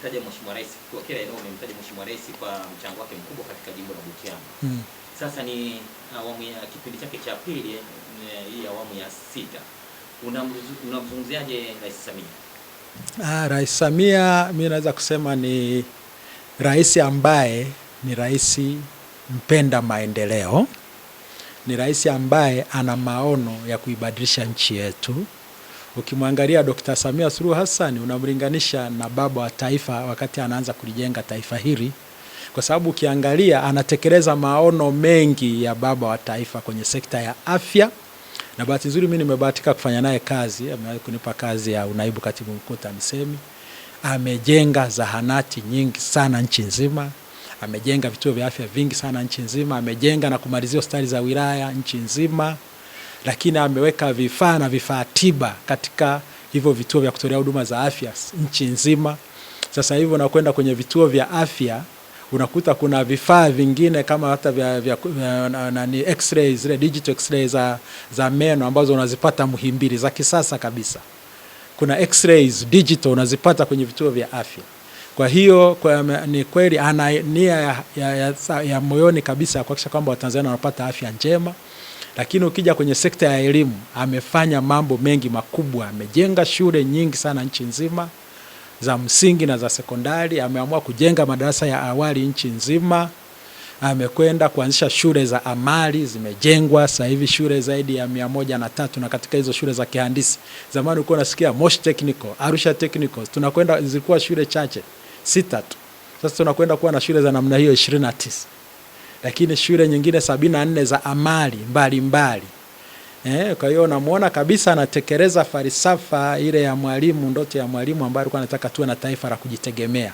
umemtaja Mheshimiwa Rais kwa kila eneo umemtaja Mheshimiwa Rais kwa mchango wake mkubwa katika jimbo la Butiama. Mm. Sasa ni awamu ya kipindi chake cha pili, hii awamu ya sita, unamzungumziaje Rais Samia? Ah, Rais Samia mi naweza kusema ni rais ambaye ni rais mpenda maendeleo, ni rais ambaye ana maono ya kuibadilisha nchi yetu. Ukimwangalia Dkt. Samia Suluhu Hassan unamlinganisha na baba wa taifa wakati anaanza kulijenga taifa hili, kwa sababu ukiangalia anatekeleza maono mengi ya baba wa taifa kwenye sekta ya afya na bahati nzuri mimi nimebahatika kufanya naye kazi, amewahi kunipa kazi ya unaibu katibu mkuu TAMISEMI. Amejenga zahanati nyingi sana nchi nzima, amejenga vituo vya afya vingi sana nchi nzima, amejenga na kumalizia hospitali za wilaya nchi nzima lakini ameweka vifaa na vifaa tiba katika hivyo vituo vya kutolea huduma za afya nchi nzima. Sasa hivi unakwenda kwenye vituo vya afya unakuta kuna vifaa vingine kama hata vya, vya, vya, ni x-ray zile digital x-ray za, za meno ambazo unazipata Muhimbili za kisasa kabisa. Kuna x-rays digital unazipata kwenye vituo vya afya. Kwa hiyo kwa, ni kweli ana nia ya, ya, ya, ya moyoni kabisa ya kuhakikisha kwamba Watanzania wanapata afya njema. Lakini ukija kwenye sekta ya elimu amefanya mambo mengi makubwa, amejenga shule nyingi sana nchi nzima za msingi na za sekondari, ameamua kujenga madarasa ya awali nchi nzima, amekwenda kuanzisha shule za amali, zimejengwa sasa hivi shule zaidi ya mia moja na tatu, na katika hizo shule za kihandisi, zamani ulikuwa unasikia Moshi Technical, Arusha Technical, tunakwenda zilikuwa shule chache sita tu, sasa tunakwenda kuwa na shule za namna hiyo 29 lakini shule nyingine sabini na nne za amali mbalimbali mbali. Eh, kwa hiyo unamwona kabisa anatekeleza falsafa ile ya mwalimu, ndoto ya mwalimu ambayo alikuwa anataka tuwe na taifa la kujitegemea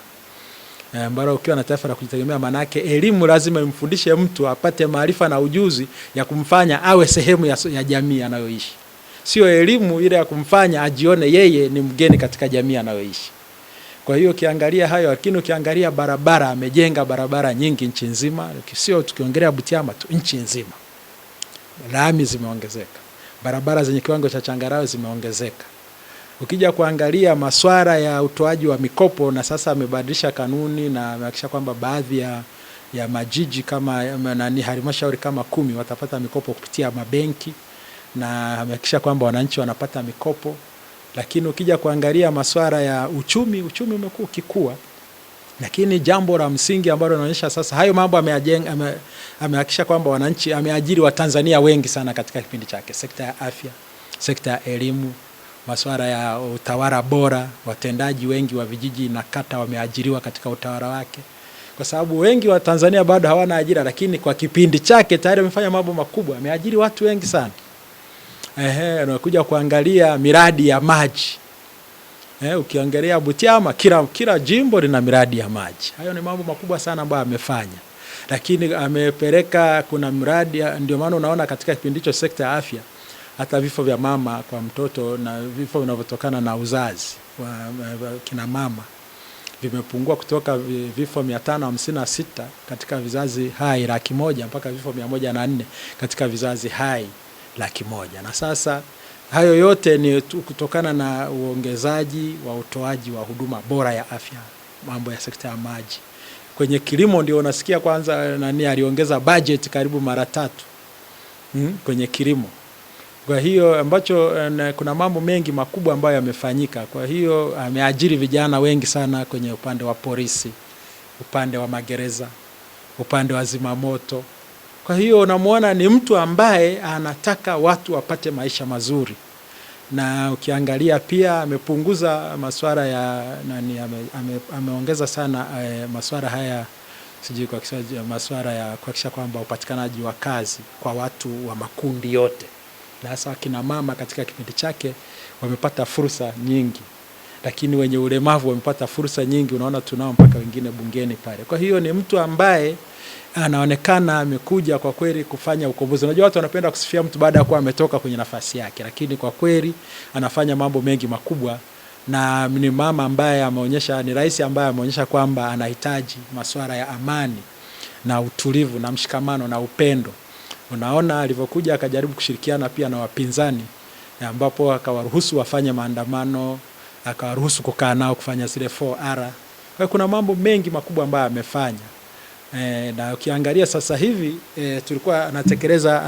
eh, ambalo ukiwa na taifa la kujitegemea, maana yake elimu lazima imfundishe mtu apate maarifa na ujuzi ya kumfanya awe sehemu ya, ya jamii anayoishi, sio elimu ile ya kumfanya ajione yeye ni mgeni katika jamii anayoishi. Kwa hiyo ukiangalia hayo, lakini ukiangalia barabara, amejenga barabara nyingi nchi nzima, sio tukiongelea Butiama tu, nchi nzima. Lami zimeongezeka, barabara zenye kiwango cha changarawe zimeongezeka. Ukija kuangalia maswara ya utoaji wa mikopo, na sasa amebadilisha kanuni na amehakikisha kwamba baadhi ya ya majiji kama nani halmashauri kama kumi watapata mikopo kupitia mabenki na amehakikisha kwamba wananchi wanapata mikopo. Lakini ukija kuangalia masuala ya uchumi, uchumi umekuwa ukikua, lakini jambo la msingi ambalo linaonyesha sasa hayo mambo amehakikisha kwamba wananchi, ameajiri Watanzania wengi sana katika kipindi chake, sekta ya afya, sekta ya elimu masuala ya utawala bora, watendaji wengi wa vijiji na kata wameajiriwa katika utawala wake, kwa sababu wengi wa Tanzania bado hawana ajira, lakini kwa kipindi chake tayari amefanya mambo makubwa, ameajiri watu wengi sana ehe, anakuja kuangalia miradi ya maji eh, ukiangalia Butiama kila, kila jimbo lina miradi ya maji. Hayo ni mambo makubwa sana ambayo amefanya, lakini amepeleka kuna mradi, ndio maana unaona katika kipindi hicho sekta ya afya hata vifo vya mama kwa mtoto na vifo vinavyotokana na uzazi wa kina mama vimepungua kutoka vifo mia tano hamsini na sita katika vizazi hai laki moja mpaka vifo mia moja na nne katika vizazi hai laki moja na sasa hayo yote ni kutokana na uongezaji wa utoaji wa huduma bora ya afya, mambo ya sekta ya maji. Kwenye kilimo ndio unasikia kwanza nani aliongeza budget karibu mara tatu hmm, kwenye kilimo. Kwa hiyo ambacho kuna mambo mengi makubwa ambayo yamefanyika. Kwa hiyo ameajiri vijana wengi sana kwenye upande wa polisi, upande wa magereza, upande wa zimamoto kwa hiyo unamwona ni mtu ambaye anataka watu wapate maisha mazuri, na ukiangalia pia amepunguza masuala ya nani, ame, ame, sana e, eh, masuala haya sijui kwa Kiswahili, masuala ya kuhakikisha kwamba upatikanaji wa kazi kwa watu wa makundi yote, na hasa akina mama katika kipindi chake wamepata fursa nyingi, lakini wenye ulemavu wamepata fursa nyingi. Unaona tunao mpaka wengine bungeni pale. Kwa hiyo ni mtu ambaye anaonekana amekuja kwa kweli kufanya ukombozi. Unajua watu wanapenda kusifia mtu baada ya kuwa ametoka kwenye nafasi yake, lakini kwa kweli anafanya mambo mengi makubwa na ni mama ambaye ameonyesha, ni rais ambaye ameonyesha kwamba anahitaji masuala ya amani na utulivu na mshikamano na upendo. Unaona alivyokuja akajaribu kushirikiana pia na wapinzani, ambapo akawaruhusu wafanye maandamano, akawaruhusu kukaa nao kufanya zile 4R. Kwa kuna mambo mengi makubwa ambayo amefanya. E, na ukiangalia sasa hivi e, tulikuwa anatekeleza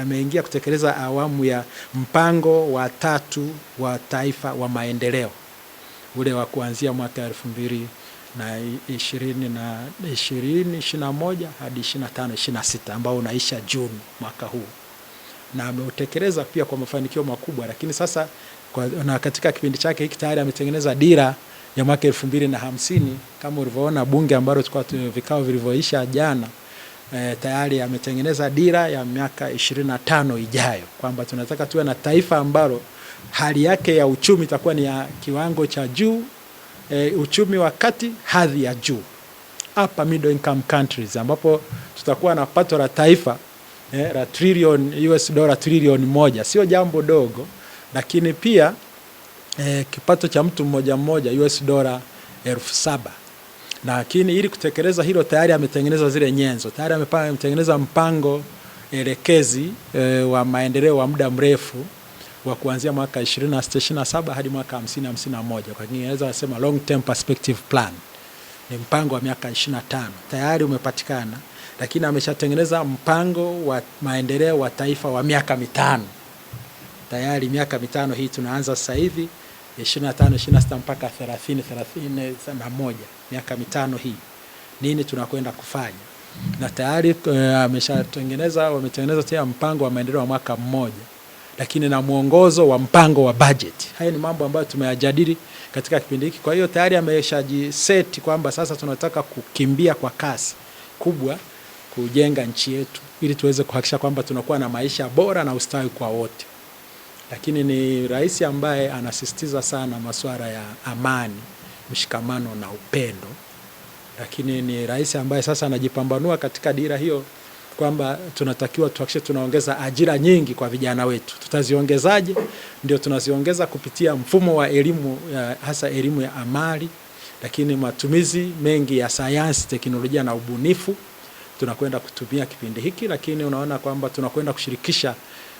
ameingia kutekeleza awamu ya mpango wa tatu wa taifa wa maendeleo ule wa kuanzia mwaka elfu mbili na ishirini na ishirini na moja hadi ishirini na tano ishirini na sita ambao unaisha Juni mwaka huu, na ameutekeleza pia kwa mafanikio makubwa, lakini sasa kwa, na katika kipindi chake hiki tayari ametengeneza dira ya mwaka elfu mbili na hamsini kama ulivyoona bunge ambalo tulikuwa vikao vilivyoisha jana e, tayari ametengeneza dira ya miaka ishirini na tano ijayo kwamba tunataka tuwe na taifa ambalo hali yake ya uchumi itakuwa ni ya kiwango cha juu e, uchumi wa kati hadhi ya juu hapa middle income countries ambapo tutakuwa na pato la taifa eh, la trillion US dollar trillion moja, sio jambo dogo, lakini pia eh, kipato cha mtu mmoja mmoja US dola elfu saba lakini ili kutekeleza hilo tayari ametengeneza zile nyenzo tayari ametengeneza mpango elekezi e, wa maendeleo wa muda mrefu wa kuanzia mwaka 2027 hadi mwaka 2051 kwa Kiingereza wanasema long term perspective plan. Ni mpango wa miaka 25 tayari umepatikana, lakini ameshatengeneza mpango wa maendeleo wa taifa wa miaka mitano tayari. Miaka mitano hii tunaanza sasa hivi. 25, 26 mpaka 30, 31 miaka mitano hii nini tunakwenda kufanya, na tayari eh, ameshatengeneza wametengeneza tena mpango wa maendeleo wa mwaka mmoja, lakini na mwongozo wa mpango wa bajeti. Haya ni mambo ambayo tumeyajadili katika kipindi hiki. Kwa hiyo tayari ameshajiseti kwamba sasa tunataka kukimbia kwa kasi kubwa kujenga nchi yetu ili tuweze kuhakikisha kwamba tunakuwa na maisha bora na ustawi kwa wote lakini ni rais ambaye anasisitiza sana masuala ya amani, mshikamano na upendo, lakini ni rais ambaye sasa anajipambanua katika dira hiyo kwamba tunatakiwa tuhakikishe tunaongeza ajira nyingi kwa vijana wetu. Tutaziongezaje? Ndio tunaziongeza kupitia mfumo wa elimu hasa elimu ya amali, lakini matumizi mengi ya sayansi, teknolojia na ubunifu tunakwenda kutumia kipindi hiki, lakini unaona kwamba tunakwenda kushirikisha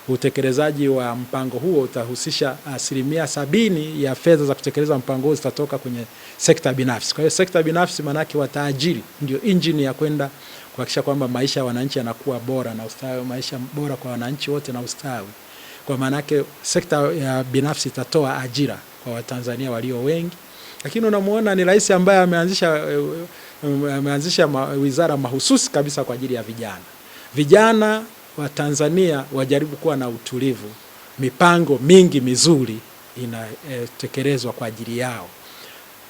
Utekelezaji wa mpango huo utahusisha asilimia sabini ya fedha za kutekeleza mpango huo zitatoka kwenye sekta binafsi. Kwa hiyo sekta binafsi maanake wataajiri, ndio injini ya kwenda kuhakikisha kwamba maisha ya wananchi yanakuwa bora na ustawi, maisha bora kwa wananchi wote na ustawi. Kwa yake sekta ya binafsi itatoa ajira kwa Watanzania walio wengi, lakini unamwona ni rais ambaye ameanzisha eh, eh, ameanzisha wizara mahususi kabisa kwa ajili ya vijana vijana Watanzania wajaribu kuwa na utulivu. Mipango mingi mizuri inatekelezwa eh, kwa ajili yao.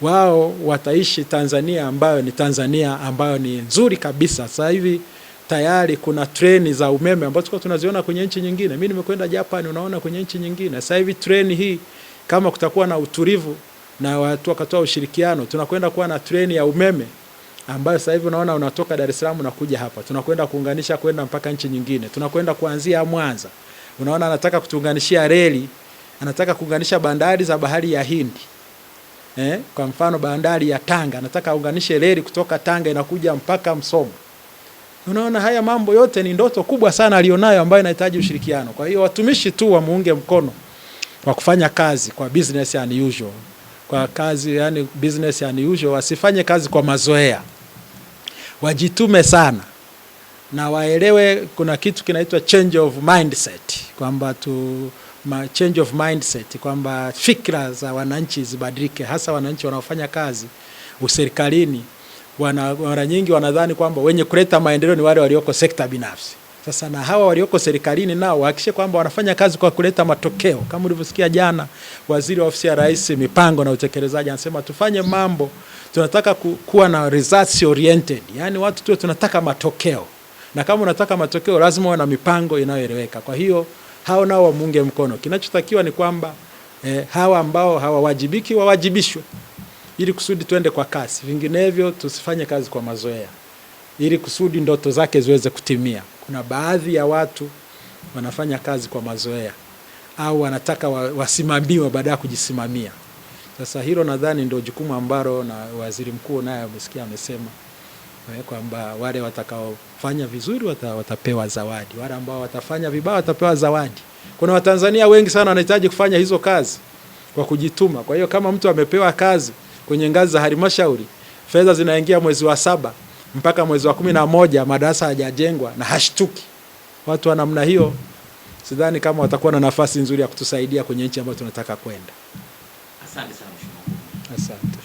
Wao wataishi Tanzania ambayo ni Tanzania ambayo ni nzuri kabisa. Sasa hivi tayari kuna treni za umeme ambazo tulikuwa tunaziona kwenye nchi nyingine. Mimi nimekwenda Japan, unaona kwenye nchi nyingine. Sasa hivi treni hii, kama kutakuwa na utulivu na watu wakatoa ushirikiano, tunakwenda kuwa na treni ya umeme ambayo sasa hivi unaona unatoka Dar es Salaam unakuja hapa, tunakwenda kuunganisha kwenda mpaka nchi nyingine, tunakwenda kuanzia Mwanza. Unaona anataka kutuunganishia reli, anataka kuunganisha bandari za bahari ya Hindi eh, kwa mfano bandari ya Tanga anataka aunganishe reli kutoka Tanga inakuja mpaka Msoma. Unaona, haya mambo yote ni ndoto kubwa sana alionayo ambayo inahitaji ushirikiano. Kwa hiyo watumishi tu wamuunge mkono kwa kufanya kazi kwa business unusual, kwa kazi yani business unusual, wasifanye kazi kwa mazoea wajitume sana na waelewe kuna kitu kinaitwa change of mindset, kwamba tu ma change of mindset kwamba fikra za wananchi zibadilike, hasa wananchi wanaofanya kazi userikalini. Mara nyingi wanadhani kwamba wenye kuleta maendeleo ni wale walioko sekta binafsi. Sasa na hawa walioko serikalini nao wahakikishe kwamba wanafanya kazi kwa kuleta matokeo. Kama ulivyosikia jana, waziri wa ofisi ya rais mipango na utekelezaji anasema tufanye mambo, tunataka kuwa na results oriented, yani watu tuwe tunataka matokeo, na kama unataka matokeo lazima uwe na mipango inayoeleweka. Kwa hiyo hao nao wamuunge mkono. Kinachotakiwa ni kwamba eh, hawa ambao hawawajibiki wawajibishwe, ili kusudi tuende kwa kasi, vinginevyo tusifanye kazi kwa mazoea, ili kusudi ndoto zake ziweze kutimia. Kuna baadhi ya watu wanafanya kazi kwa mazoea au wanataka wasimamiwe baada ya kujisimamia. Sasa hilo nadhani ndio jukumu ambalo na waziri mkuu naye amesikia amesema eh, kwamba wale watakaofanya vizuri wata, watapewa zawadi, wale ambao watafanya vibaya watapewa zawadi. Kuna Watanzania wengi sana wanahitaji kufanya hizo kazi kwa kujituma. Kwa hiyo kama mtu amepewa kazi kwenye ngazi za halmashauri, fedha zinaingia mwezi wa saba mpaka mwezi wa kumi na moja madarasa hajajengwa na hashtuki. Watu wa namna hiyo sidhani kama watakuwa na nafasi nzuri ya kutusaidia kwenye nchi ambayo tunataka kwenda. Asante sana mheshimiwa. Asante.